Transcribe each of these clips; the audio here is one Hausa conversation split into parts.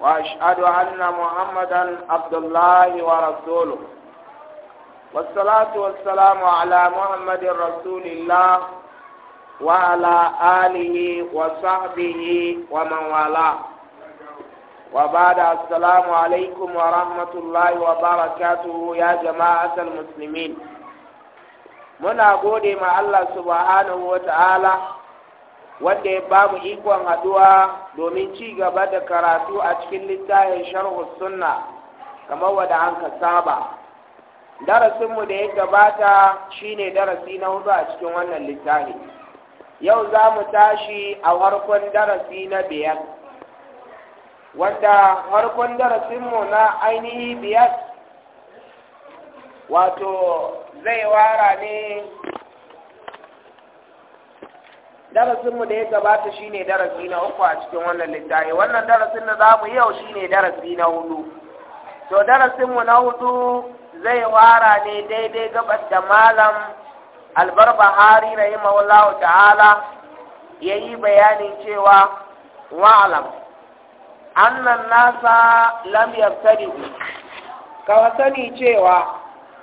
وأشهد أن محمدا عبد الله ورسوله والصلاة والسلام على محمد رسول الله وعلى آله وصحبه ومن والاه وبعد السلام عليكم ورحمة الله وبركاته يا جماعة المسلمين من أقول مع الله سبحانه وتعالى wanda ya ba ikon haduwa domin ci gaba da karatu a cikin littafin sharhu sunna kamar wadda an ka saba darasinmu da ya gabata shine darasi na hudu a cikin wannan littafi yau za mu tashi a harkon darasi na biyar wanda harkon darasinmu na ainihi biyar wato zai wara ne darasinmu da ya gabata shine darasi na uku a cikin wannan littafi wannan darasin da za mu yau shine darasi na hudu to darasinmu na hudu zai wara ne daidai gabas da malam albarbahari rahimahullahu ta'ala ya yi bayanin cewa wa'alam annan nasa lam yabtadi ka sani cewa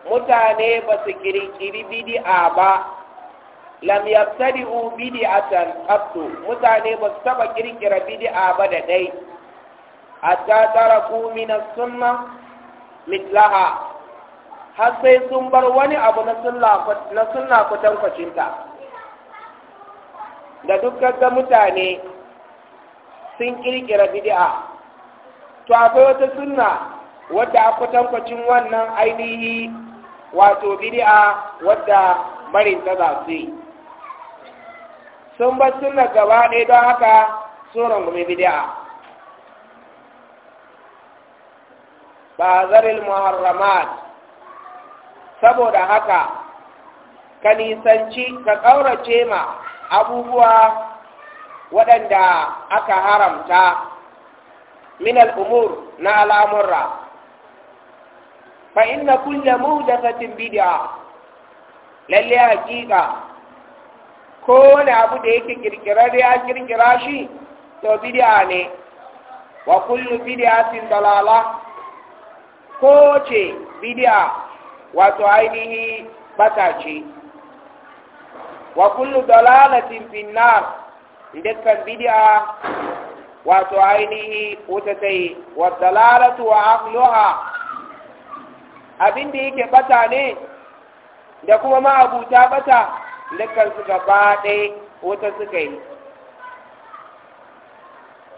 mutane ba su kirkiri bidi'a ba lam yabtadi'u bid'atan qattu mutane ba su taba kirkira bid'a ba da dai hatta taraku min as-sunna mitlaha har sai sun bar wani abu na sunna na sunna kutan kwacinta da dukkan ga mutane sun kirkira bid'a to akwai wata sunna wadda a kutan kwacin wannan ainihi wato bid'a wadda barin ta za su yi sun bar sunna gaba ɗaya don haka sun rungumi bid'a ba zaril muharramat saboda haka ka nisanci ka ƙaurace ma abubuwa waɗanda aka haramta min al'umur na al'amurra fa inna kulle muhdathatin bid'a lalle hakika kowane abu da yake kirkirar ya kirkira shi to bidiya ne wa kullu bidiyatin dalala ko ce bidiya wato ainihi bata ce wa kullu dalalatin finnar dukkan bidiya wato ainihi wuta ta yi wa dalalatu wa aqluha abin da yake bata ne da kuma ma'abuta bata dukkan su gaba ɗaya wata suka yi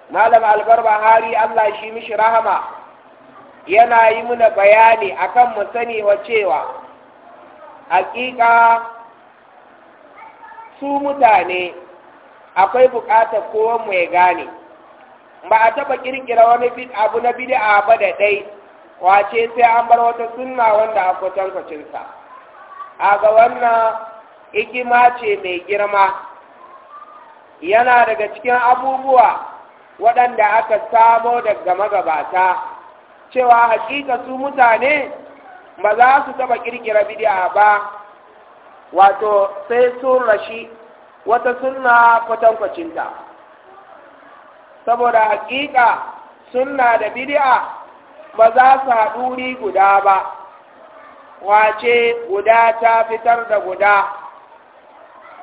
malam albar bahari allah shi mishi rahama yana yi muna bayani akan mu sani wa cewa hakika su mutane akwai bukata kowan mu ya gane ba a taba kirkira wani abu na bid'a ba da dai wace sai an bar wata sunna wanda a kwatankwacin a ga wannan hikima ce mai girma yana daga cikin abubuwa waɗanda aka samo daga magabata cewa hakika su mutane ba za su taba ƙirƙira bidiya ba wato sai sun rashi wata sunna kwatankwacinta saboda hakika sunna da bidiya ba za su haɗuri guda ba wace guda ta fitar da guda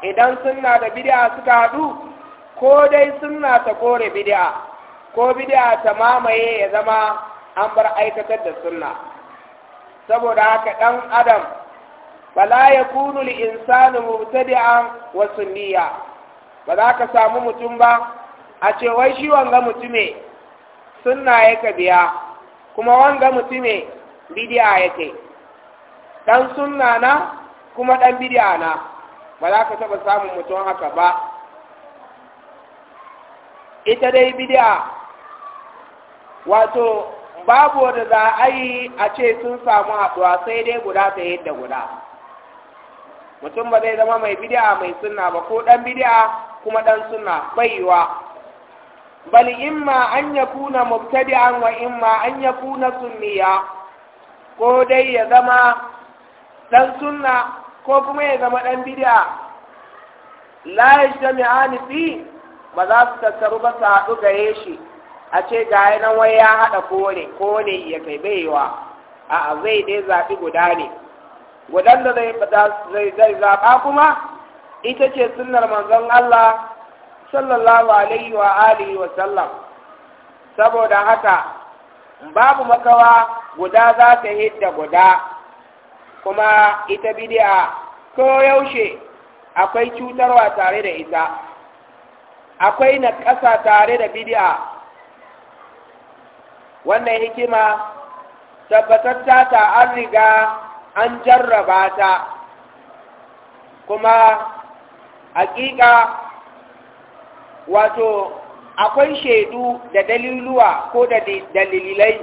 idan sunna da bid'a suka haɗu ko dai sunna ta kore bid'a ko bid'a ta mamaye ya zama an bar aikatar da sunna saboda haka ɗan adam bala ya kunu li insani mubtadi'an wa sunniya ba za ka samu mutum ba a ce wai shi wanga mutume sunna yake biya kuma wanga mutume bid'a yake dan sunna na kuma ɗan bid'a na ba za ka taɓa samun mutum haka ba ita dai bidi'a wato babu wanda za a yi a ce sun samu haɗuwa sai dai guda ta yadda guda mutum ba zai zama mai bidi'a mai sunna ba ko ɗan bidi'a kuma ɗan sunna baiwa bal imma an ya kuna mubtadi'an wa imma an ya kuna sunniya ko dai ya zama ɗan sunna ko kuma ya zama ɗan bid'a la yajtami'ani fi ba za su tattaru ba su haɗu gare shi a ce ga nan wai ya haɗa ko ne ya kai baiwa a zai dai zaɓi guda ne gudan da zai zai zaɓa kuma ita ce sunnar manzon Allah sallallahu alaihi wa alihi wa sallam saboda haka babu makawa guda za ta hidda guda kuma ita bid'a ko yaushe akwai cutarwa tare da ita akwai na ƙasa tare da bid'a wannan hikima tabbatatta ta an riga an jarraba ta kuma hakika wato akwai shaidu da daliluwa ko da dalilai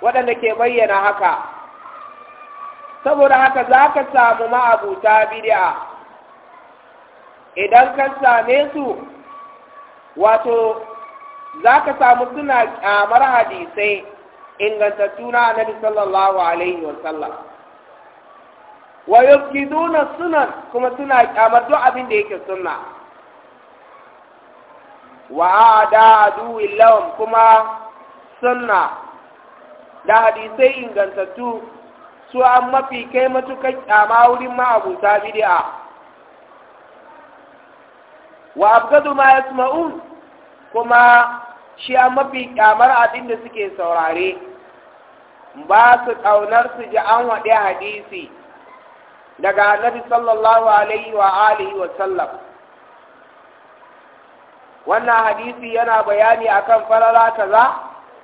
waɗanda ke bayyana haka saboda haka za ka samu ma'abuta bid'a idan ka same su wato za ka samu suna kyamar hadisai ingantattu na annabi sallallahu alaihi wa sallam. wa nuna sunan kuma suna kyamar duk abin da yake sunna wa ada adu lawan kuma sunna da hadisai ingantattu su an mafi kai matukan ƙyama wurin ma'abuta bidi'a. wa abgadu ma yasma'un kuma shi an mafi ƙyamar abin da suke saurare ba su kaunar su ji an waɗe hadisi daga annabi sallallahu alaihi wa alihi wa sallam wannan hadisi yana bayani akan farara kaza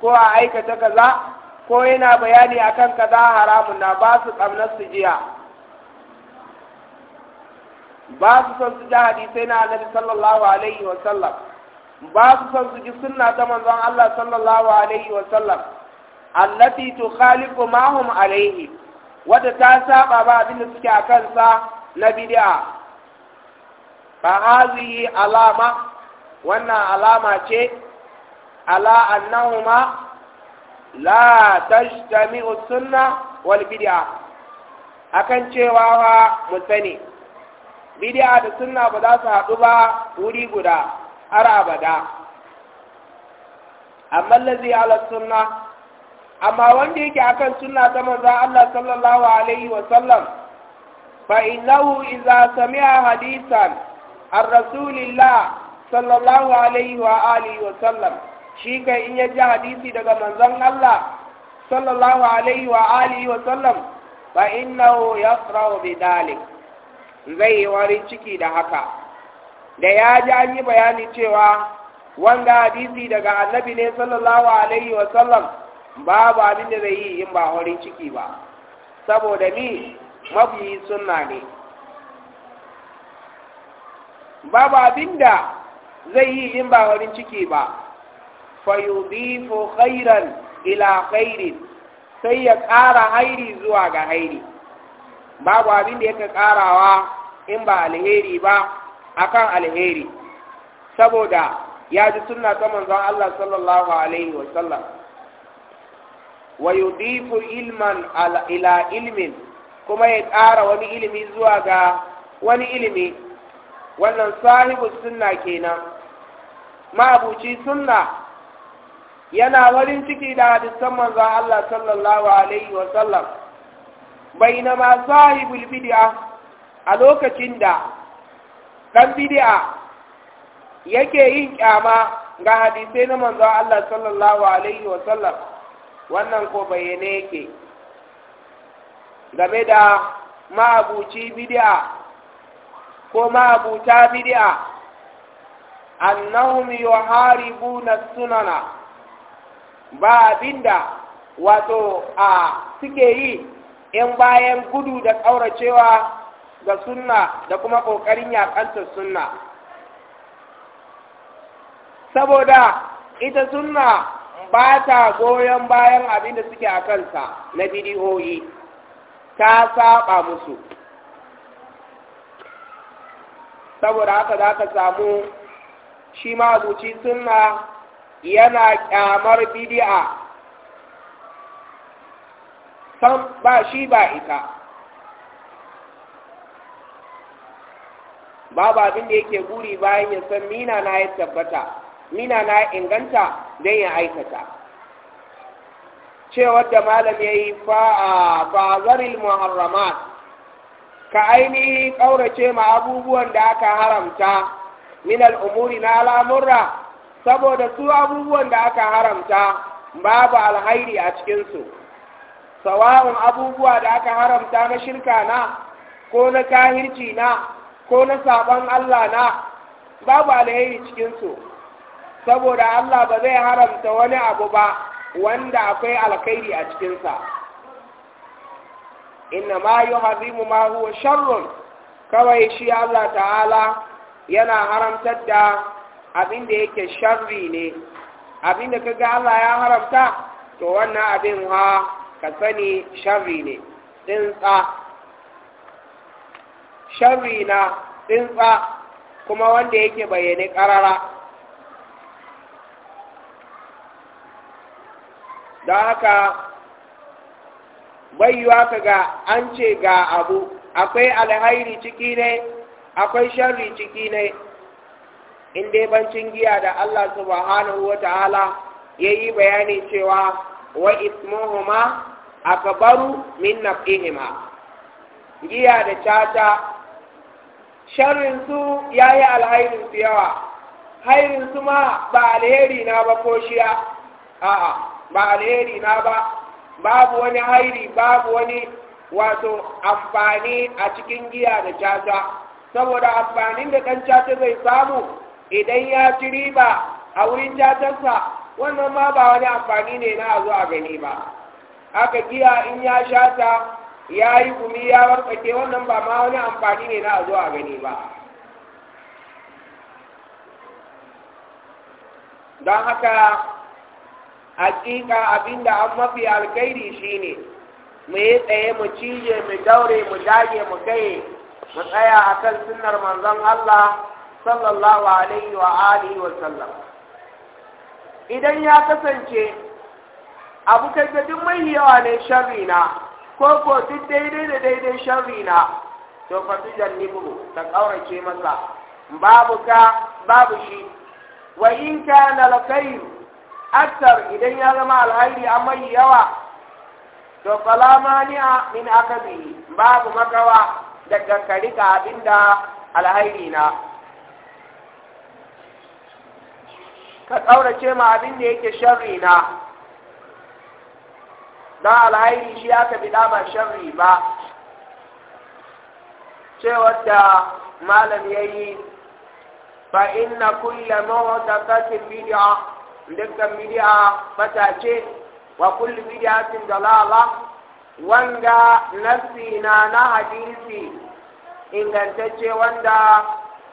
ko a aikata kaza ko yana bayani akan kaza haramun na ba su tsamnar su jiya ba su son su ji hadisai na annabi sallallahu alaihi wa sallam ba su son su ji sunna ta manzon Allah sallallahu alaihi wa sallam allati tukhaliqu ma hum alaihi wadda ta saba ba abin da suke a kansa na bid'a fa hazihi alama wannan alama ce ala annahuma la tajtami'u sunna wal bid'a akan cewa wa mu sani bid'a da sunna ba za su haɗu ba wuri guda har abada amma lazi ala sunna amma wanda yake akan sunna ta manzo Allah sallallahu alaihi wa sallam fa innahu idza sami'a hadisan ar rasulillah sallallahu alaihi wa alihi wa sallam shi kai in ya ji hadisi daga manzon Allah sallallahu alaihi wa alihi wa sallam fa innahu yasra'u bi dalik zai yi warin ciki da haka da ya ji an yi bayani cewa wanda hadisi daga annabi ne sallallahu alaihi wa sallam babu abin da zai yi in ba warin ciki ba saboda ni mabiyi sunna ne babu abin da zai yi in ba warin ciki ba fayudifu khairan ila khairin sai ya ƙara hairi zuwa ga hairi babu abin da yake ƙarawa in ba alheri ba akan alheri saboda ya ji suna saman manzon Allah sallallahu alaihi wa wa yudifu ilman ila ilmin kuma ya ƙara wani ilimi zuwa ga wani ilimi wannan sahibu sunna kenan ma'abuci sunna yana warin ciki da hadisan manzon Allah sallallahu alaihi wa sallam ma sahibul bid'a a lokacin da dan bid'a yake yin kyama ga hadisai na manzon Allah sallallahu alaihi wa sallam wannan ko bayyane yake game da ma'abuci bid'a ko ma'abuta bid'a annahum yuharibuna sunana ba abinda wato a suke yi in bayan gudu da ƙauracewa ga sunna da kuma ƙoƙarin yaƙantar sunna saboda ita sunna ba ta goyon bayan abinda suke a kansa na bidiyoyi ta saba musu saboda haka za ka samu shi ma zuci sunna yana kyamar bidi'a. san ba shi ba ita babu abin da yake guri bayan ya san mina na ya tabbata mina na inganta don ya aikata cewar da malam ya yi fa'azaril muharramat ka ainihi ƙaurace ma abubuwan da aka haramta min al'umuri na al'amurra saboda su abubuwan da aka haramta babu alhairi a cikinsu sawa'un abubuwa da aka haramta na shirka na ko na kahirci na ko na sabon Allah na babu alheri cikinsu saboda Allah ba zai haramta wani abu ba wanda akwai alkhairi a cikinsa inna ma yuhazimu ma huwa sharrun kawai shi Allah ta'ala yana haramtar da Abinda yake sharri ne abinda ka kaga Allah ya haramta to wannan abin ha ka sani sharri ne tsinsa sharri na tsinsa kuma wanda yake bayyane karara Da haka bayuwa ka ga an ce ga abu akwai alhairi ciki ne akwai sharri ciki ne in dai bancin giya da Allah subhanahu wa ta'ala ya yi bayani cewa wa ismuhuma akbaru min naf'ihima giya da cata sharrin su yayi alhairin yawa hairin su ma ba alheri na ba ko shiya a'a ba alheri na ba babu wani hairi babu wani wato amfani a cikin giya da cata saboda amfanin da ɗan cata zai samu idan ya ci riba a wurin jajensa wannan ma ba wani amfani ne na a zo a gani ba aka giya in ya sha ta ya yi gumi ya warkake wannan ba ma wani amfani ne na a zo a gani ba don haka hakika abinda an mafi alkairi shine mu yi tsaye mu cije mu daure mu dage mu kai mu tsaya a kan sunnar manzon Allah sallallahu alaihi wa alihi wa sallam idan ya kasance abu kai ga duk mai yawa ne sharrina, ko ko duk daidai da daidai sharrina, to fa tujannibu ta kaurace masa babu ka babu shi wa in kana kai akthar idan ya zama alhairi amma yawa to fala mani'a min akabi babu makawa daga karika abinda alhairi na ka tsaurace ma abin da yake sharri na don alhairi shi aka bi ba sharri ba cewar da malam ya yi fa inna kulla mawadatin bid'a dukkan bid'a matace ce kulle kullu sun dalala wanda nasi na na hadisi ingantacce wanda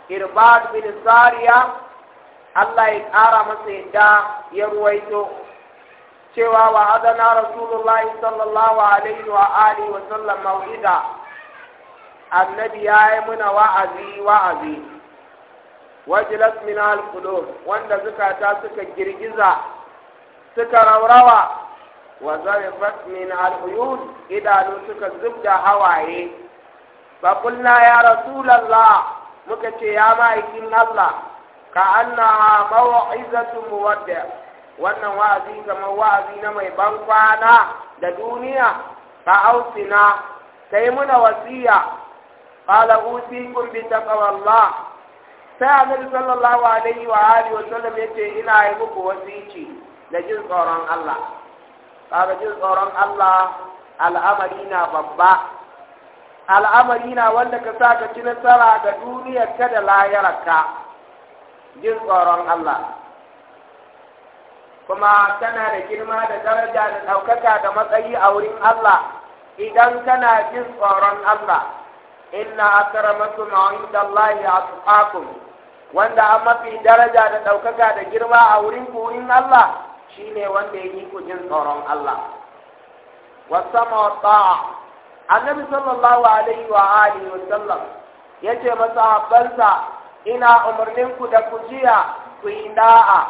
irbad bin sariya Allah ya ƙara masa yadda ya ruwaito cewa wa adana rasulullahi sallallahu alaihi wa alihi wa sallam mau'ida annabi ya yi muna wa'azi wa'azi wajilas min al wanda zukata suka girgiza suka raurawa wa zarifat min al idanu suka zubda hawaye fa ya rasulullah muka ce ya ma'aikin Allah كأنها موعظة wadda wannan wa'azi kamar wa'azi na mai ban kwana da duniya ka ausina kai muna wasiya qala kun bi taqwallah sai annabi sallallahu alaihi wa alihi wa sallam ce ina yi muku ce. da jin tsoron Allah kaga jin tsoron Allah al'amari na babba al'amari na wanda ka sa ka ci nasara ga duniyar ka da layarka jin tsoron Allah kuma tana da girma da daraja da ɗaukaka da matsayi a wurin Allah idan kana jin tsoron Allah inna akramakum inda Allah atqakum wanda an mafi daraja da ɗaukaka da girma a wurin ku in Allah shine wanda ya yi ku jin tsoron Allah wasama wasu ta'a annabi sallallahu alaihi wa alihi wa sallam yace masahabbansa ina umarninku da ku jiya ku yi da'a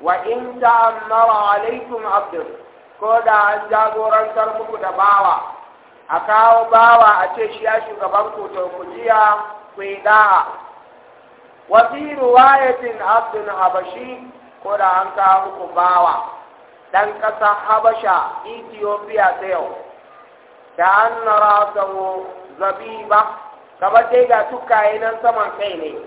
wa in ta'ammara alaikum abdul ko da an jagorantar muku da bawa a kawo bawa a ce shi ya shugaban ku to ku jiya ku yi da'a wa fi riwayatin abdul habashi ko da an kawo muku bawa dan ƙasa habasha ethiopia ta yau da an nara zabiba kamar dai ga tukaye nan saman kai ne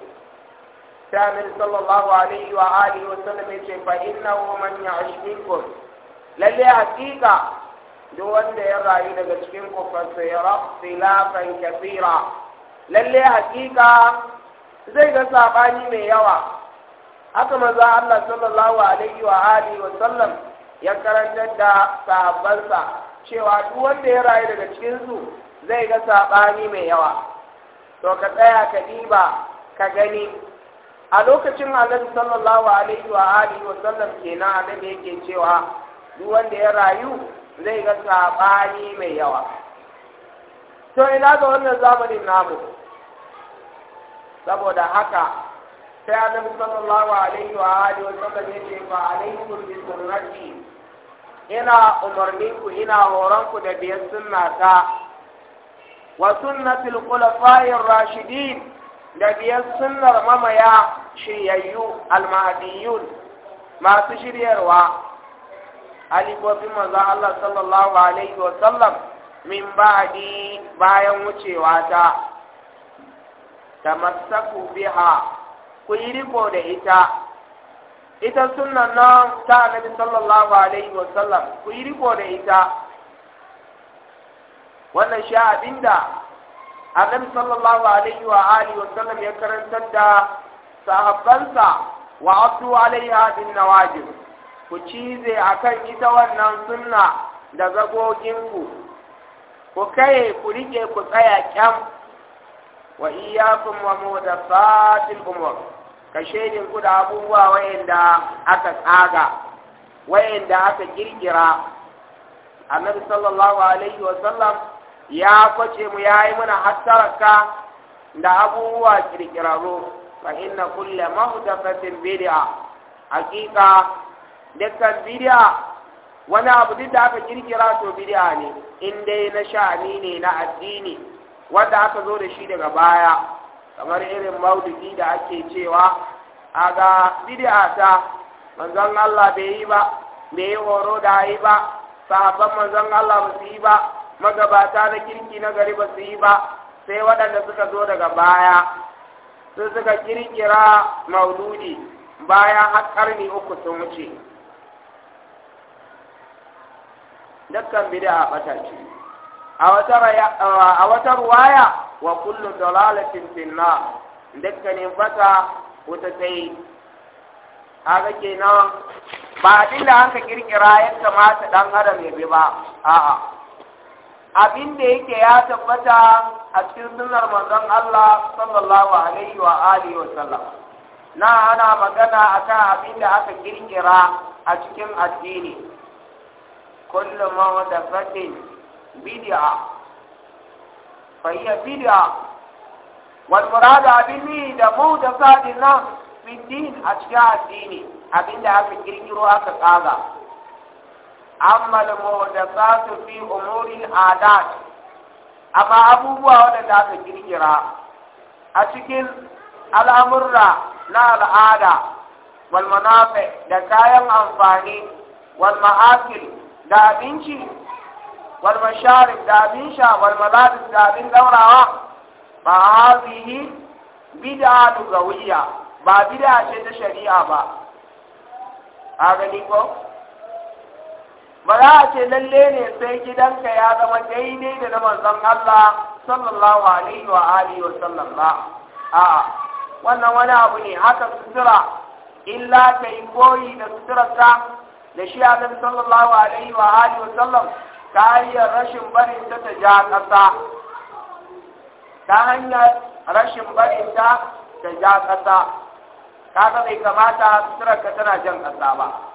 Samir sallallahu alaihi wa alihi wa sallam yace fa innahu man ya'sh minkum lalle hakika duk wanda ya rayu daga cikin kufansa ya rafsilafan kafira lalle hakika zai ga sabani mai yawa haka maza Allah sallallahu alaihi wa alihi wa sallam ya karanta da sahabbansa cewa duk wanda ya rayu daga cikin su zai ga sabani mai yawa to ka tsaya ka diba ka gani a lokacin annabi sallallahu alaihi wa alihi wa sallam kenan annabi yake cewa duk wanda ya rayu zai ga sabani mai yawa to ina ga wannan zamanin namu saboda haka sai annabi sallallahu alaihi wa alihi wa sallam ce wa alaikum bi sunnati ina umarninku ina horonku da biyar sunna ta wa sunnatul khulafa'ir rashidin da biyar sunnar mamaya shiryayyu almahadiyun masu shiryarwa alibobin maza Allah sallallahu alaihi wa sallam min ba'di bayan wucewa ta tamassaku biha ku yi riko da ita ita sunnan nan ta annabi sallallahu alaihi wa sallam ku yi riko da ita wannan sha abinda annabi sallallahu alaihi wa alihi wa sallam ya karantar da sahabbansa wa abdu alaiha bin nawajib ku cize akan ita wannan sunna da zagoginku ku kai ku rike ku tsaya kyam wa iyyakum wa muhdathatil umur ka shedin ku da abubuwa wayanda aka tsaga wayanda aka kirkira annabi sallallahu alaihi wa sallam ya kwace mu ya yi mana hasararka da abubuwa kirkirarru fa inna kulle mahdafatin bid'a hakika dukkan bid'a wani abu duk da aka kirkira to bid'a ne in dai na sha'ani ne na addini wanda aka zo da shi daga baya kamar irin maulidi da ake cewa a ga bid'a ta manzon Allah bai yi ba bai yi horo da yi ba sahabban manzon Allah ba yi ba magabata na kirki na gari ba su yi ba sai waɗanda suka zo daga baya su suka kirkira mauludi bayan har ƙarni uku sun wuce dukkan bid'a bata ce a wata ruwaya wa kullum dalalatin finna dukkanin fata wata ta yi haka kenan ba abin da an ka kirkira ya kamata ɗan adam ya bi ba a'a abin da yake ya tabbata a cikin sunar manzon Allah sallallahu alaihi wa alihi wa sallam na ana magana akan abin da aka kirkira a cikin addini kullu fatin bid'a fa hiya bid'a wal murad abin da da nan fi din a cikin addini abin da aka kirkiro aka tsaga amma da muhdathatu fi umuri adat amma abubuwa za aka kirkira a cikin al'amurra na al'ada wal da kayan amfani wal ma'akil da abinci wal masharib da abin sha wal malabis da abin daurawa ba a hazihi bid'a lugawiyya ba bid'a ce ta shari'a ba a gani ko ba za a ce lalle ne sai gidanka ya zama daidai da na manzon Allah sallallahu alaihi wa alihi wa sallam ba a wannan wani abu ne haka sutura illa ta yi koyi da suturarta da shi annabi sallallahu alaihi wa alihi wa sallam ta hanyar rashin barin ta ta ja ƙasa ta hanyar rashin barin ta ta ja kasa kaga bai kamata suturarka tana jan ƙasa ba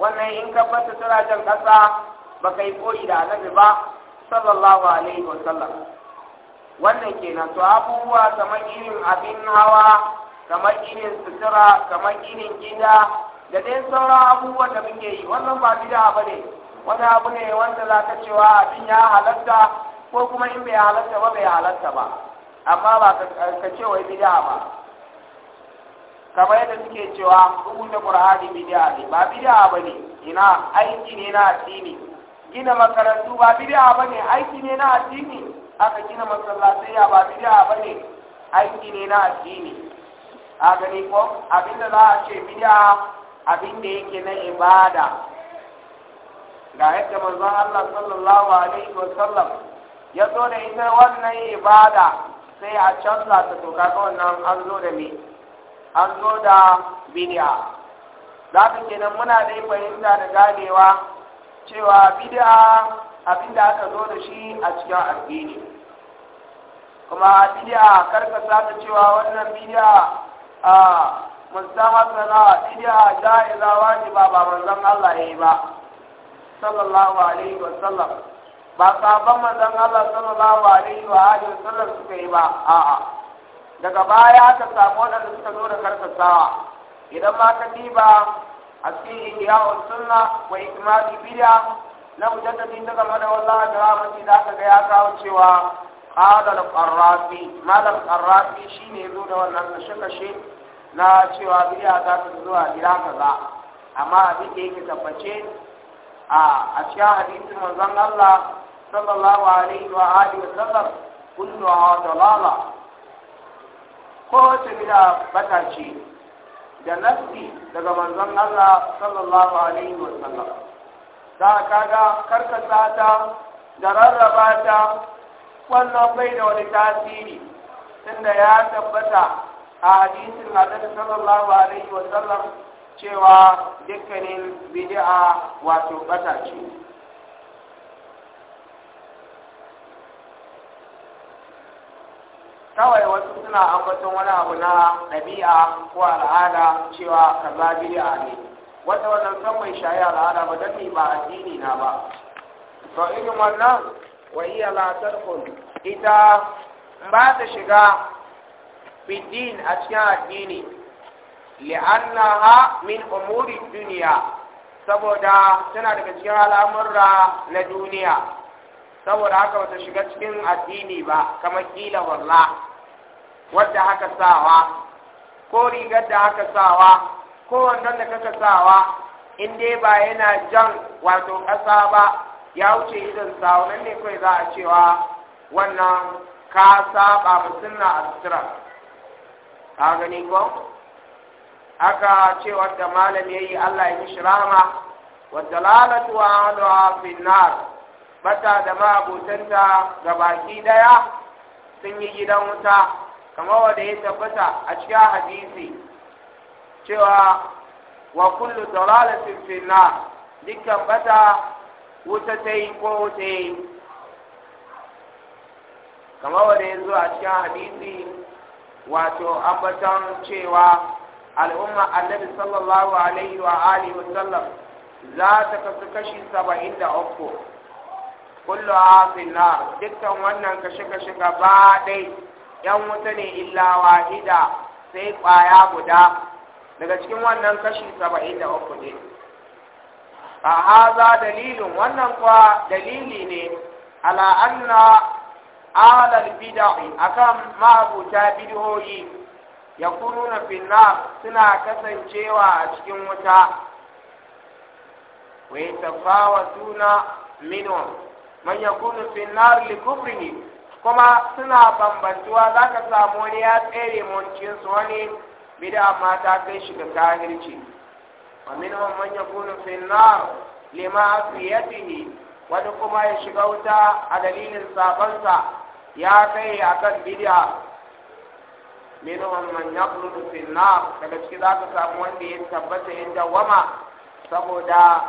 wannan in ka fata tana jan ƙasa baka yi koyi da annabi ba sallallahu alaihi wa sallam wannan kenan to abubuwa kamar irin abin hawa kamar irin sutura kamar irin gida da dai sauran abubuwan da muke yi wannan ba bid'a ne. wani abu ne wanda za ka cewa abin ya halatta ko kuma in bai halatta ba bai halatta ba amma ba ka ce wai bid'a ba kamar yadda suke cewa rubuta qur'ani bid'a ne ba bid'a bane ina aiki ne na addini gina makarantu ba bid'a bane aiki ne na addini aka gina masallatai ba bid'a bane aiki ne na addini a gani ko abinda za a ce bid'a da yake na ibada ga yadda manzon Allah sallallahu alaihi wa sallam ya zo da ita wannan ibada sai a canza ta to kaga wannan an zo da me an zo da bid'a za mu kenan muna da fahimta da ganewa cewa bid'a abinda aka zo da shi a cikin addini kuma bid'a karka sata cewa wannan bid'a a musamman sana bid'a ja'iza wajiba ba manzon Allah yayi ba sallallahu alaihi wa sallam ba sabon manzon Allah sallallahu alaihi wa alihi wa sallam suka yi ba a'a daga baya ka samu waɗanda suka zo da karkasawa idan ma ka diba a cikin wa sunna wa ikmali bid'a na mujaddadi daga madawalla da ramati za aka ga ya kawo cewa ƙadar ƙarrafi qarrafi ƙarrafi shi ne zo da wannan kashe kashe na cewa bid'a za ta zo a gida kaza amma abin da yake tabbace a cikin hadisin manzon Allah sallallahu alaihi wa alihi wa sallam kullu dalala kowace bida bata ce da nasi daga manzon Allah sallallahu alaihi wa sallam da kaga karkasa sata da rarraba ta wannan bai da wani tasiri tunda ya tabbata a hadisin Annabi sallallahu alaihi wa sallam cewa dukkanin bidi'a wato bata kawai wasu suna ambaton wani abu na ɗabi'a ko al'ada cewa kaza bid'a ne wata wannan san mai shayi al'ada ba dan ba addini na ba to irin wannan wa iya la ita ba ta shiga bidin a cikin addini li'annaha min umuri duniya saboda tana daga cikin al'amurra na duniya saboda haka wata shiga cikin addini ba kamar kila walla wadda haka sawa ko rigar da haka sawa ko wannan da kaka sawa in dai ba yana jan wato ƙasa ba ya wuce idan sawa nan ne kawai za a cewa wannan ka saba ba sunna a sutura ka gani ko aka ce wadda malam ya yi allah ya mishi rahama wadda lalatuwa ahluha fi nar bata da ma'abutanta ga baki daya sun yi gidan wuta kamar wanda ya tabbata a cikin hadisi cewa wa kullu dalalatin fil dukkan bata wuta ta yi ko wuta yi kamar wanda ya zo a cikin hadisi wato ambatan cewa al'umma annabi sallallahu alaihi wa alihi wa sallam za ta kasu kashi saba'in da uku kullu a nar dukkan wannan kashe-kashe gaba ɗaya yan wuta ne illa wahida sai kwaya guda daga cikin wannan kashi saba'in da uku ne a haza dalilin wannan kuwa dalili ne ala anna alal bid'i akan mabuta bid'o'i na finna suna kasancewa a cikin wuta tafawa suna minu man yakunu finnar li ne kuma suna bambantuwa za ka samu wani ya tsere mulkin su wani bida amma ta kai shi ga kahirci wa minhum man yakunu fi an-nar lima asiyatihi wani kuma ya shiga wuta a dalilin sabonsa ya kai akan bid'a minhum man yaqulu fi an-nar daga ciki za ka samu wanda ya tabbata yin dawama saboda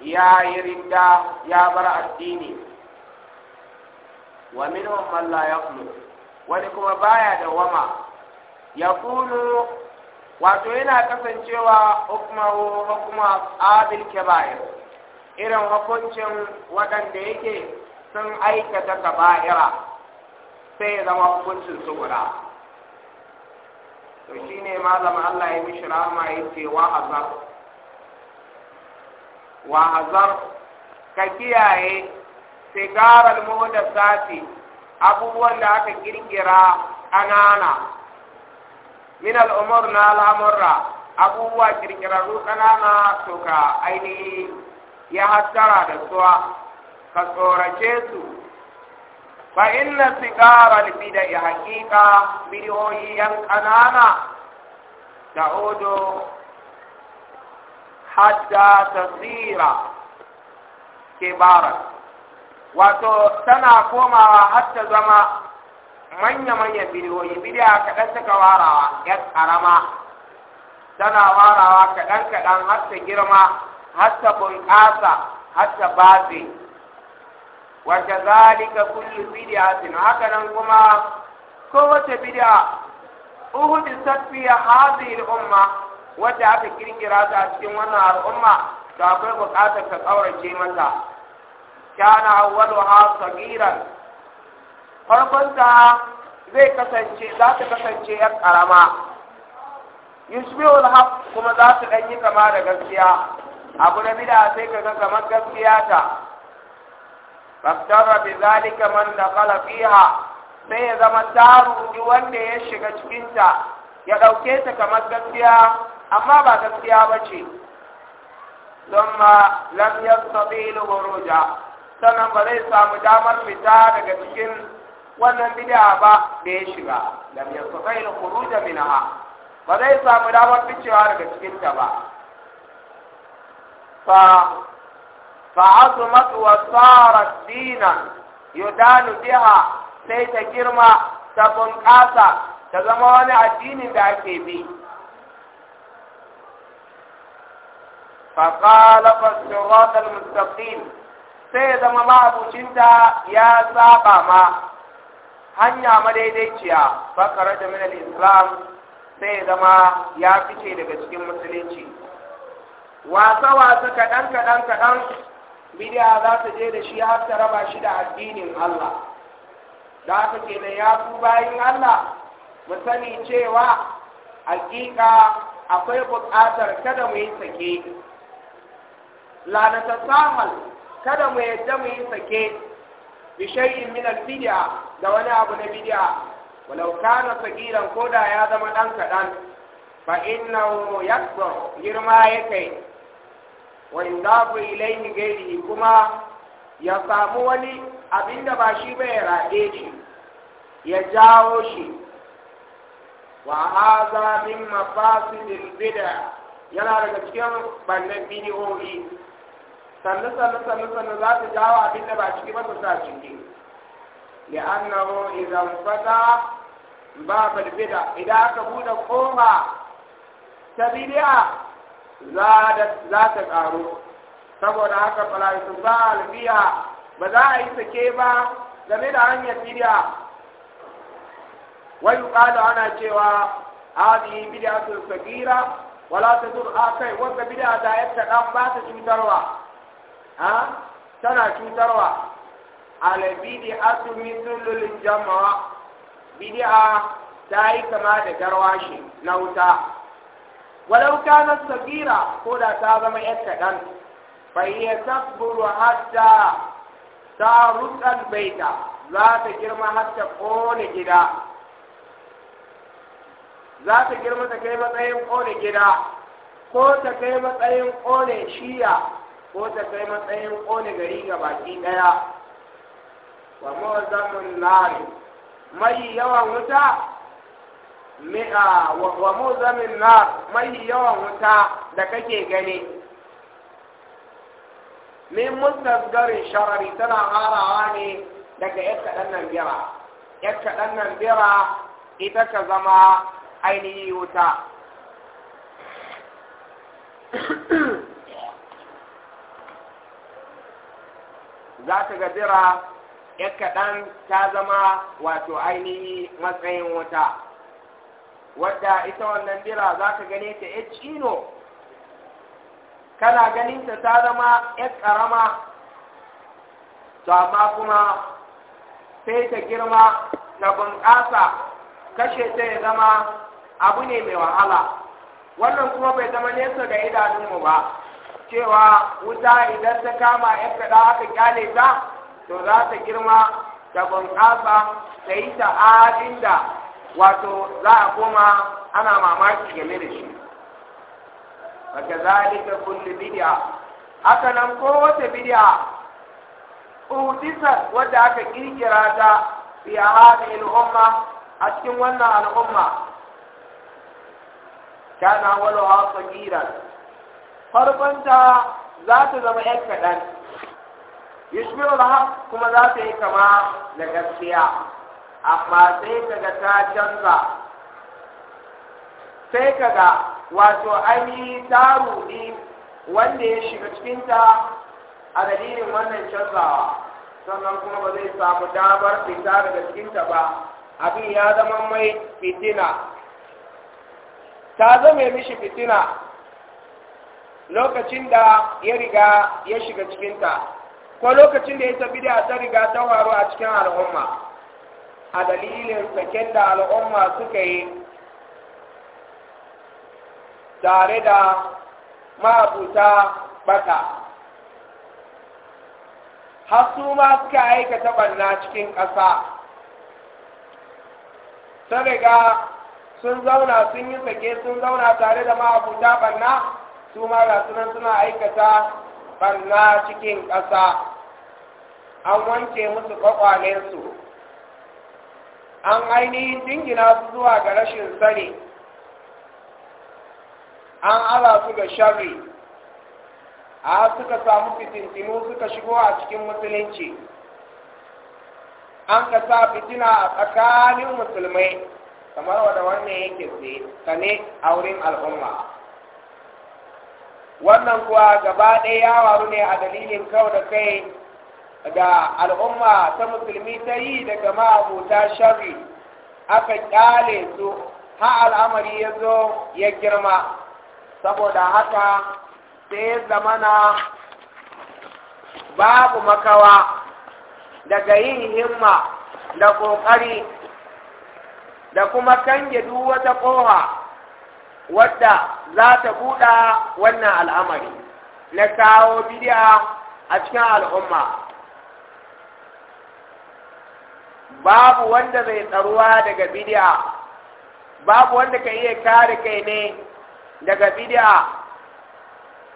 ya yi ridda ya bar addini wa minhum man la yaqulu wani kuma baya da wama yaqulu wato yana kasancewa hukmahu hukma abil kaba'ir irin hukuncin wadanda yake sun aikata kaba'ira sai ya zama hukuncin sugura to shine malama Allah ya mishi rahama yace wa azar wa azar ka kiyaye sigaral sati, abubuwan da aka kirkira kanana min al'umur na al'amurra abubuwa kirkirarru kanana to ka ainihi ya hattara da suwa ka tsorace su fa inna sigaral ya hakika bidiyoyi yan kanana da odo hatta tasira kibara wato tana komawa har ta zama manya-manyan bidiyoyi bidiya kaɗan suka warawa ‘yan ƙarama tana warawa kaɗan-kaɗan har ta girma har ta bunƙasa har ta batse wata zalika kullu bidiyatin haka nan kuma kowace bidiya uhudu safiya hazi umma Wata aka kirkira ta cikin wannan al'umma to akwai buƙatar ka ƙaurace mata kana awwaluha sagiran farkon ta zai kasance za ta kasance yar karama yushbihul haq kuma za ta dan yi kama da gaskiya abu na bida sai kaga kamar gaskiya ta faktara bi zalika man dakhala fiha sai ya zama taru wanda ya shiga cikinta, ya ɗauke ta kamar gaskiya amma ba gaskiya ba ce. bace ثم لم يستطيع الخروج sannan ba zai samu damar fita daga cikin wannan bid'a ba da ya shiga lam yastati al-khuruj minha ba zai samu damar ficewa daga cikin ta ba fa fa azmat wa sarat dinan yudanu biha sai ta girma ta bunƙasa ta zama wani addinin da ake bi فقال فالصراط المستقيم sai ya zama ma'abucinta ya saba ma hanya madaidaiciya fakara da minal islam sai ya zama ya fice daga cikin musulunci wasa wasa kaɗan kaɗan kaɗan bidiya za ta je da shi har ta raba shi da addinin Allah da aka ke da ya su bayin Allah mu sani cewa hakika akwai buƙatar kada mu yi sake lanata na kada mu yadda mu yi sake bishayin min albidiya da wani abu na bidiya walau kana sagiran ko da ya zama dan kaɗan fa innahu yakbar girma ya wa in zafu ilaihi gairihi kuma ya samu wani abinda ba shi ya raɗe shi ya jawo shi wa hadha min mafasidil bid'a yana daga cikin bannan bidiyoyi sannu sannu sannu sannu za su jawo abin da ba ciki ba su sa ciki li'annahu idan fata ba balbida idan aka bude koma ta bidiya za ta karu. saboda haka falaisu ba albiya ba za a yi sake ba game da hanyar bidiya wai ƙada ana cewa hadi bidiya sun wala ta zur akai wanda bidiya ta yadda dan ba ta cutarwa ha tana cutarwa albidi asu mislul jama'a bid'a ta yi kama da garwashi na wuta walau kana sagira ko da ta zama yar kaɗan yi tasburu hatta ta rutsar baita za ta girma hatta kone gida za ta girma ta kai matsayin kone gida ko ta kai matsayin kone shiya ko ta kai matsayin ƙone gari ga baki ɗaya wa mu'azzamun nari mai yawan wuta mi'a wa mu'azzamin nari mai yawan wuta da kake gani min mustasgarin sharari tana harawa ne daga yan kaɗan nan bira yan kaɗan nan bira ita ka zama ainihi wuta za ta ga bira ya kaɗan ta zama wato ainihi matsayin wuta wadda ita wannan bira za ka gane ta ya cino kana ta ta zama ya ƙarama to amma kuma sai ta girma na bunƙasa kashe ta ya zama abu ne mai wahala wannan kuma bai zama nesa ga idanunmu ba cewa wuta idan ta kama ‘yan kaɗa aka kyale ta to za ta girma ta bunƙasa ta yi adin da wato za a koma ana mamaki game da shi wata zalika kulle bidiya? haka nan ko wata bidiya? wadda aka ƙirƙira ta fi hadhihi al'umma, a cikin wannan al'umma kana walawa sagiran farkonta za ta zama ‘yan kaɗan yushmiru lahab kuma za ta yi kama da gaskiya amma sai kaga ta canza sai kaga wato ainihi ta ruɗi wanda ya shiga cikinta a dalilin wannan canzawa sannan kuma ba zai samu damar fita daga cikinta ba abin ya zama mai fitina ta zama mishi fitina lokacin da ya riga ya shiga cikinta ko lokacin da ya tafi da ta riga ta waro a cikin al'umma a dalilin saken da al'umma suka yi tare da mabuta bata hasu ma suka aikata banna cikin ƙasa ta riga sun zauna sun yi sake sun zauna tare da mabuta barna su ma ga sunan suna aikata barna cikin ƙasa an wanke musu ƙwaƙwalensu. an ainihin dingina su zuwa ga rashin sani an ala su ga shari a suka samu fitintinu suka shigo a cikin musulunci an ka sa fitina a tsakanin musulmai kamar wadda wannan yake tsaye a wurin al'umma wannan kuwa gaba ɗaya ya waru ne a dalilin kau da kai da al'umma ta musulmi ta yi daga ma'abuta shari aka ƙyale su ha al'amari ya zo ya girma saboda haka sai zamana babu makawa daga yin himma da ƙoƙari da kuma kange duk wata ƙoha wadda za ta buɗa wannan al'amari na kawo bidiya a cikin al'umma babu wanda zai tsaruwa daga bidiya babu wanda ka iya kare kai ne daga bidiya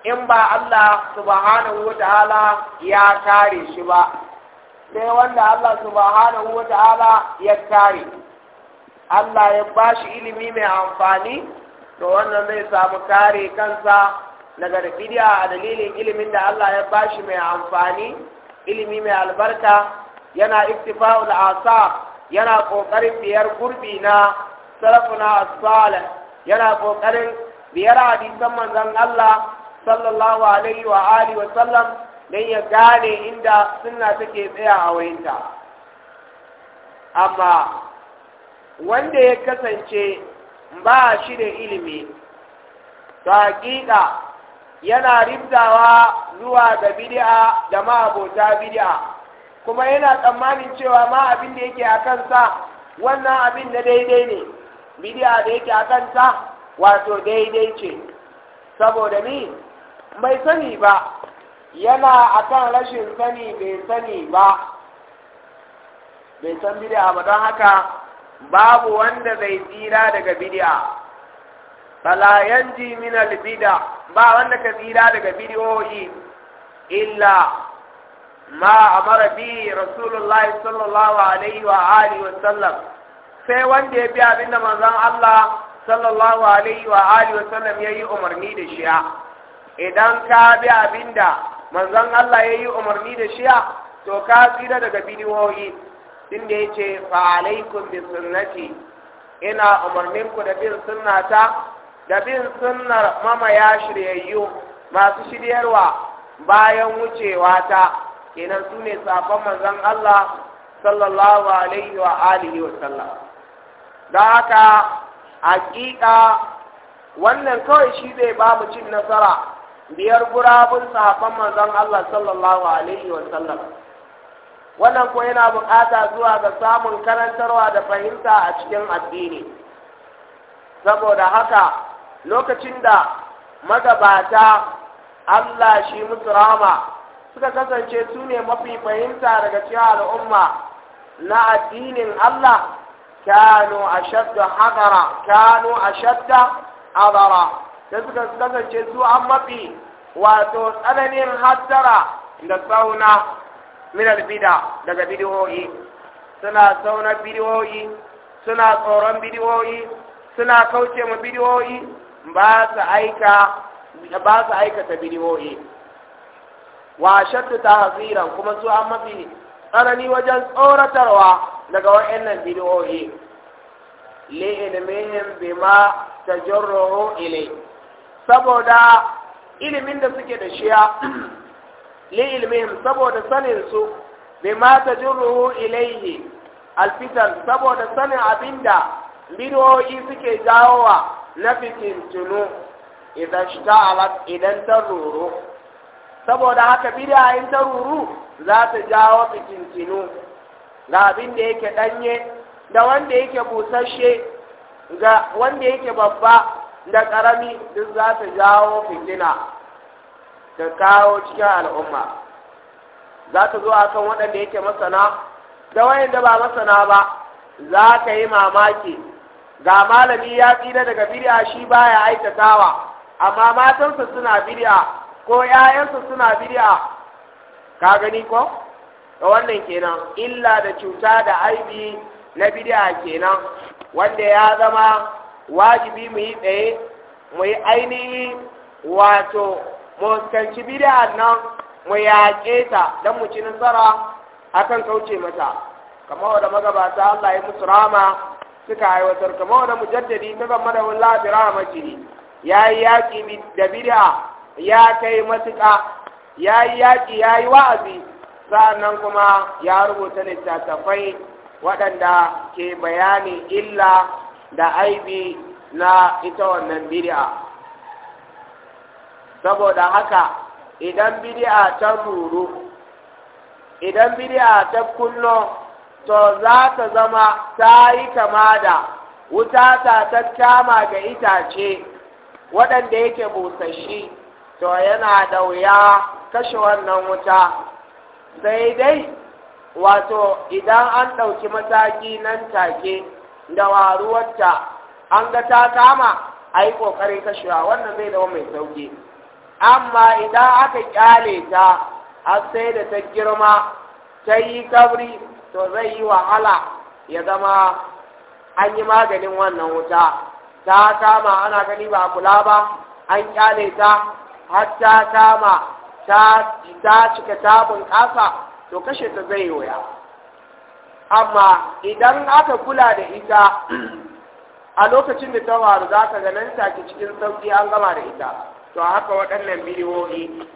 in ba Allah subhanahu wa ta'ala ya kare shi ba sai wanda Allah subhanahu wa ta'ala ya kare Allah ya bashi ilimi mai amfani to wannan zai samu kare kansa daga bidiya a dalilin ilimin da Allah ya bashi mai amfani ilimi mai albarka yana iktifa'ul asa yana kokarin biyar gurbi na salafuna as-salih yana kokarin biyar hadisan manzon Allah sallallahu alaihi wa alihi wa sallam dan ya gane inda sunna take tsaya a wayinta amma wanda ya kasance ba shi da ilimi to hakika yana ribdawa zuwa ga bid'a da ma'abota bid'a kuma yana tsammanin cewa ma abin da yake a kansa wannan abin da daidai ne bid'a da yake a kansa wato daidai ce saboda ni mai sani ba yana akan rashin sani bai sani ba bai san bid'a ba don haka babu wanda zai tsira daga bid'a fala yanji min al bid'a ba wanda ka tsira daga bid'o'i illa ma amara bi rasulullah sallallahu alaihi wa alihi wa sallam sai wanda ya bi abinda manzon Allah sallallahu alaihi wa alihi wa sallam yayi umarni da shi idan ka bi abinda manzon Allah yayi umarni da shi to ka tsira daga bidiyoyi inda ya ce fa'alaikun bi sunnati ina umarninku da bin sunnata da bin sunnar ya shiryayyu masu shiryarwa bayan wucewa ta kenan su ne sabon manzon Allah sallallahu alaihi wa alihi wa sallam da haka hakika wannan kawai shi zai ba mu cin nasara biyar gurabun sahabban manzon Allah sallallahu alaihi wa sallam wannan ko yana bukata zuwa ga samun karantarwa da fahimta a cikin addini saboda haka lokacin da magabata Allah shi musu rama suka kasance su ne mafi fahimta daga cikin al'umma na addinin Allah kanu ashadda hadara kanu ashadda adara da suka kasance su an mafi wato tsananin hadara da sauna minal bida daga bidiyoyi suna saunar bidiyoyi suna tsoron bidiyoyi suna kauce ma bidiyoyi ba su aika ba su aikata bidiyoyi wa shattu tahziran kuma su an mafi tsanani wajen tsoratarwa daga wa'annan bidiyoyi li ilmihim bima tajarru ilay saboda ilimin da suke da shiya li ilmihim saboda sanin su bima tajruhu ilayhi alfitan saboda sanin abinda bidoyi suke jawowa na tunu idan shta'alat idan ta ruru saboda haka bid'a in ta ruru za ta jawo tunu ga abinda yake danye da wanda yake busasshe ga wanda yake babba da karami duk za ta jawo fitina ta kawo cikin al'umma za ta zo a kan waɗanda yake masana da wayanda ba masana ba za ka yi mamaki ga malami ya tsira daga bid'a shi baya aikatawa amma matansa suna bid'a ko 'ya'yansa suna bid'a ka gani ko da wannan kenan illa da cuta da aibi na bid'a kenan wanda ya zama wajibi mu yi tsaye mu yi ainihi wato muskanci bid'a nan mu yaƙe ta don mu ci nasara akan kauce mata kamar da magabata Allah ya musu rama suka aiwatar kamar da mujaddadi na ban mada wallahi rahmatihi yayi yaƙi da bid'a ya kai matuƙa yayi yaƙi yayi wa'azi sanan kuma ya rubuta littattafai waɗanda ke bayani illa da aibi na ita wannan bid'a saboda haka idan bid'a ta ruru idan bid'a ta kunno to za ta zama ta yi kama da wuta ta ta kama ga itace waɗanda yake busashi to yana da wuya kashe wannan wuta sai dai wato idan an ɗauki mataki nan take da waruwarta an ga ta kama a yi ƙoƙarin kashewa wannan zai zama mai sauƙi amma idan aka kyale ta har sai da ta girma ta yi kabri to zai yi wahala ya zama an yi maganin wannan wuta ta kama ana gani ba kula ba an kyale ta har ta kama ta cika tabin kasa to kashe ta zai wuya amma idan aka kula da ita a lokacin da ta waru za ka ganin take cikin sauƙi an gama da ita to haka waɗannan bidiyoyi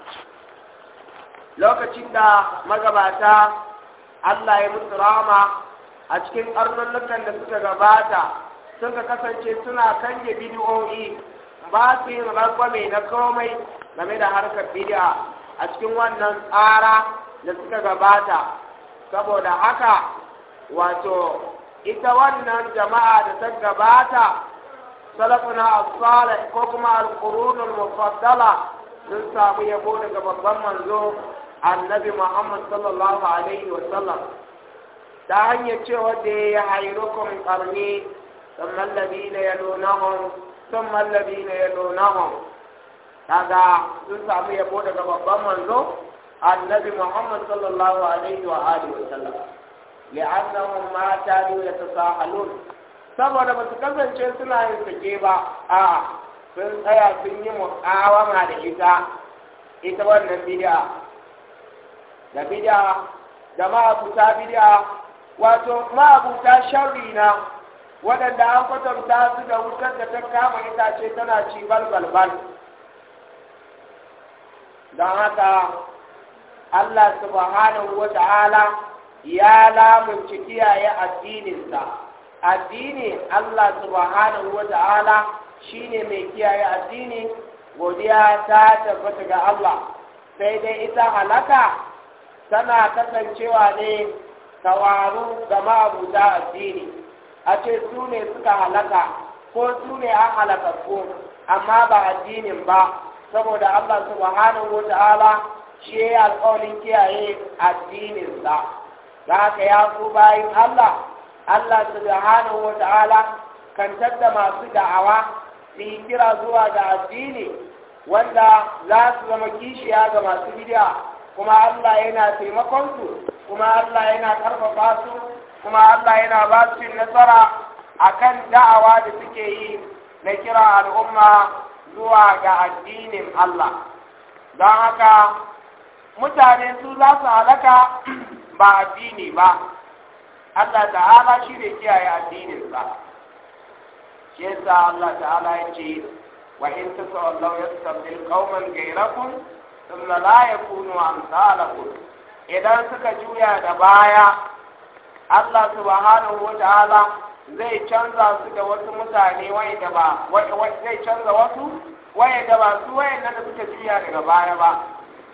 lokacin da magabata Allah ya musu rama a cikin arnannukan da suka gabata suka kasance suna kanye bidiyoyi ba su yin rangwame na komai game da harkar bidiya a cikin wannan tsara da suka gabata saboda haka wato ita wannan jama'a da ta gabata سلفنا الصالح كما القرون المفضلة ننسى بي بولك بطبن منزوم عن نبي محمد صلى الله عليه وسلم دعني يتشوه دي يحيركم قرني ثم الذين يلونهم ثم الذين يلونهم هذا ننسى بي بولك بطبن منزوم عن نبي محمد صلى الله عليه وآله وسلم لأنهم ما كانوا يتساهلون saboda ba su kasance suna yin sake ba a sun tsaya sun yi muƙawama da ita ita wannan bidiya da bid'a da ma'abuta bidiya wato ma'abuta sharri na waɗanda an kwatanta su da wutar da ta kama itace tana ci balbalbal don haka Allah subhanahu wa ta'ala ya lamunci kiyaye addininsa addini Allah subhanahu wa ta'ala shine mai kiyaye addini godiya ta tabbata ga Allah sai dai ita halaka tana kasancewa ne tawaru ga ma'abuta addini a ce su ne suka halaka ko su ne an ko amma ba addinin ba saboda Allah subhanahu wa ta'ala shi ya alƙawarin kiyaye addininsa da haka ya ku bayin Allah Allah subhanahu wa ta'ala kan tadda masu da'awa su yi kira zuwa ga addini wanda za su zama kishiya ga masu bid'a kuma Allah yana taimakon su kuma Allah yana karfafa su kuma Allah yana ba su nasara kan da'awa da suke yi na kira al'umma zuwa ga addinin Allah don haka mutane su za su halaka ba addini ba Allah ta'ala shi ne kiyaye addininsa shi yasa Allah ta'ala ya ce wa in tasawallahu yastabdil qauman ghayrakum thumma la yakunu amsalakum idan suka juya da baya Allah subhanahu ta'ala zai canza su da wasu mutane wanda ba zai canza wasu da ba su wanda da suka juya daga baya ba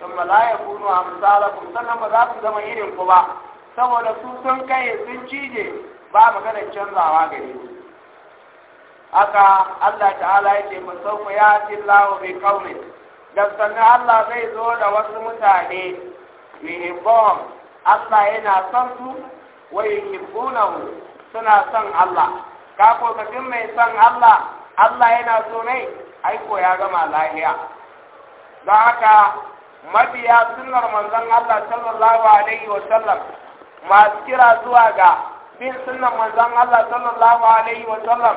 thumma la yakunu amsalakum sannan ba za su zama irin ku ba saboda su sun kai sun cije ba maganar canzawa gare su aka Allah ta'ala yake musawfa ya fi lawo bi kaumin da sannan Allah zai zo da wasu mutane yuhibbum Allah yana son su wa yuhibbunahu suna son Allah ka ko mai son Allah Allah yana so ne ai ya gama lahiya don haka mabiya sunnar manzon Allah sallallahu alaihi wa sallam masu kira zuwa ga bin sunan manzon Allah sallallahu alaihi wa sallam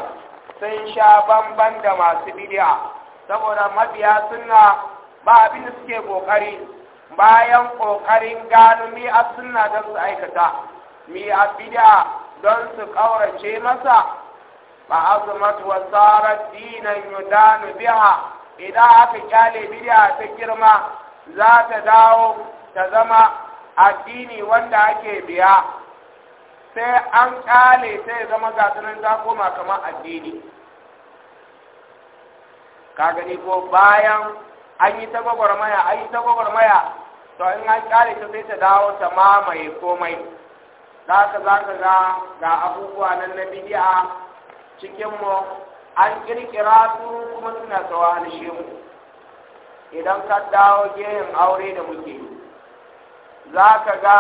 sun sha bamban da masu bid'a saboda mabiya sunna ba abin suke kokari bayan kokarin gano mi a sunna don su aikata mi a bid'a don su kaurace masa ba azumat wa sarar dinan yudanu biha idan aka kyale bid'a ta girma za ta dawo ta zama addini wanda ake biya sai an kale sai ya zama gasunan ta koma kamar addini ka gani ko bayan an yi ta gwagwarmaya an yi ta gwagwarmaya to in an kale ta sai ta dawo ta mamaye komai za ka za ka ga ga abubuwa nan na bidi'a cikinmu an ƙirƙira su kuma suna tsawanishe mu idan ka dawo gehen aure da muke yi za ka ga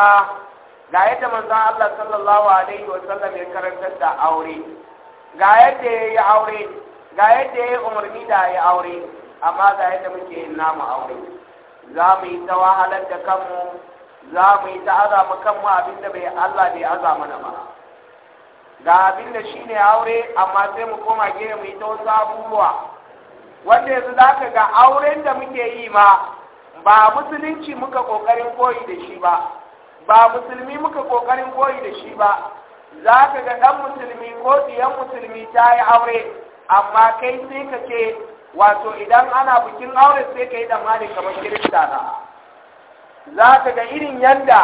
ga yadda manzan Allah sallallahu alaihi wa sallam ya karantar da aure ga yadda ya yi aure ga yadda ya yi umarni da ya yi aure amma ga yadda muke yin namu aure za mu yi ta wahalar da kanmu za mu yi ta azama kanmu abinda bai Allah bai azama na ba ga abinda shi ne aure amma sai mu koma gina mu yi ta wasu abubuwa wanda yanzu za ka ga auren da muke yi ma ba musulunci muka kokarin koyi da shi ba ba musulmi muka kokarin koyi da shi ba za ka ga ɗan musulmi ko ɗiyan musulmi ta yi aure amma kai sai ka ce wato idan ana bikin aure sai ka yi damani kamar kirista na za ka ga irin yadda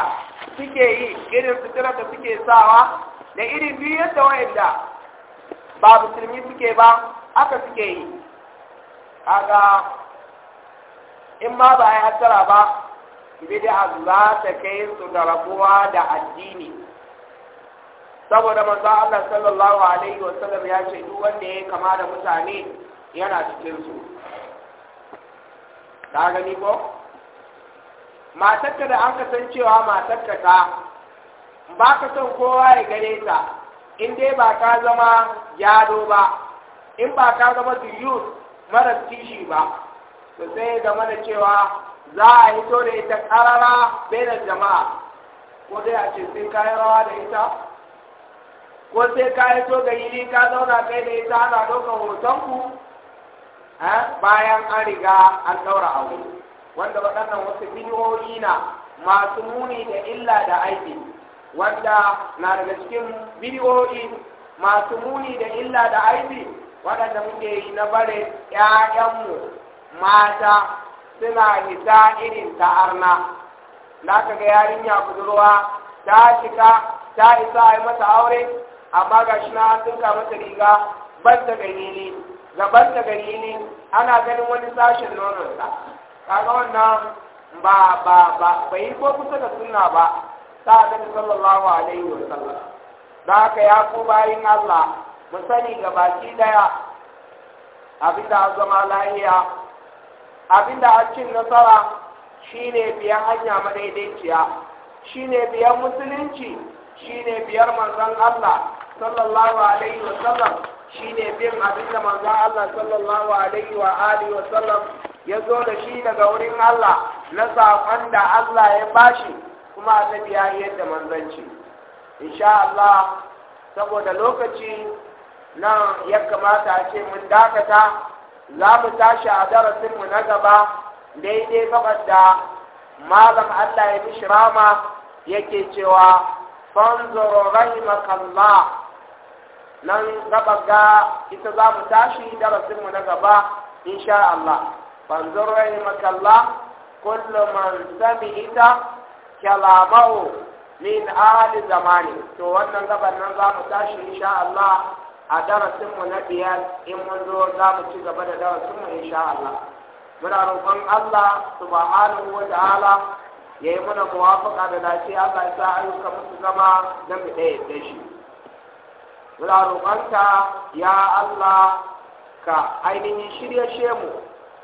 suke yi irin sutura da suke sawa da irin biyu yadda wayanda ba musulmi suke ba aka suke yi kaga in ma ba yi hasara ba bid'a za ta kai su da rabuwa da addini saboda manzo Allah sallallahu alaihi wa sallam ya ce duk wanda ya kama da mutane yana cikin su ka gani ko matakka da an kasancewa matakka ta ba ka son kowa ya gare ta in dai ba ka zama yado ba in ba ka zama tuyus maras kishi ba to sai game da cewa za a hito da ita karara da jama'a ko dai a ce sai kayan rawa da ita ko sai ka yi to ga yi ka zauna kai da ita ana ɗaukar hotonku bayan an riga an ɗaura aure wanda waɗannan wasu bidiyoyi na masu muni da illa da aiki wanda na daga cikin bidiyoyi masu muni da illa da aiki waɗanda muke yi na bare 'ya'yanmu mata suna hita irin ta arna na kaga yarinya budurwa ta cika ta isa a yi mata aure amma ga shi na tunka mata riga ban ta gani ne gaban ta gani ne ana ganin wani sashen nononsa kaga wannan ba ba ba bai ko kusa da sunna ba ta gani sallallahu alaihi wa sallam da haka ya ku bayin Allah mu sani ga baki daya abinda azama lahiya abinda a cin nasara shine biyan hanya madaidaiciya shine biyan musulunci shine biyar manzon Allah sallallahu alaihi wa sallam shine bin abinda manzon Allah sallallahu alaihi wa alihi wa sallam ya zo da shi daga wurin Allah na saƙon da Allah ya bashi kuma a ya yi yadda manzanci insha Allah saboda lokaci nan ya kamata a ce mun dakata za mu tashi a darasinmu na gaba daidai gabar da malam Allah ya mishi rama yake cewa fanzuru rahimakallah nan gaba ga ita za mu tashi darasinmu na gaba insha Allah fanzuru rahimakallah kullum man ita, kyalama'u, min ahli zamani to wannan gaban nan za mu tashi insha Allah a darasinmu na biyar in mun zo za mu ci gaba da darasinmu insha Allah muna roƙon Allah subhanahu wa ta'ala ya yi mana muwafaka da dace Allah ya sa ayyuka musu zama na mu ɗaya da shi muna roƙonka ya Allah ka ainihin shirye mu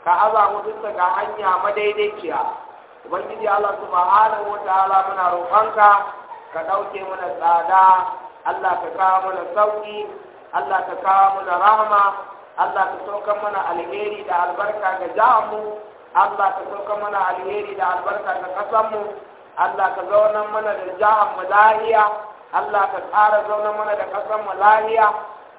ka aza mu bisa ga hanya madaidaiciya ubangiji Allah subhanahu wa ta'ala muna roƙonka ka ɗauke mana tsada Allah ka kawo mana sauƙi Allah ka kawo mu da rahama Allah ka sauka mana alheri da albarka ga jamu Allah ka sauka mana alheri da albarka ga mu. Allah ka zauna mana da jihar lahiya Allah ka tsara zauna mana da kasan mu lahiya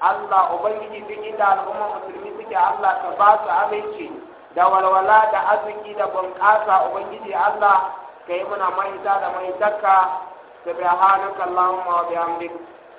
Allah ubangiji duk inda al'umma musulmi suke Allah ka ba su aminci da walwala da arziki da bunƙasa ubangiji Allah ka yi mana mahita da mahitarka subhanaka allahumma wa bihamdika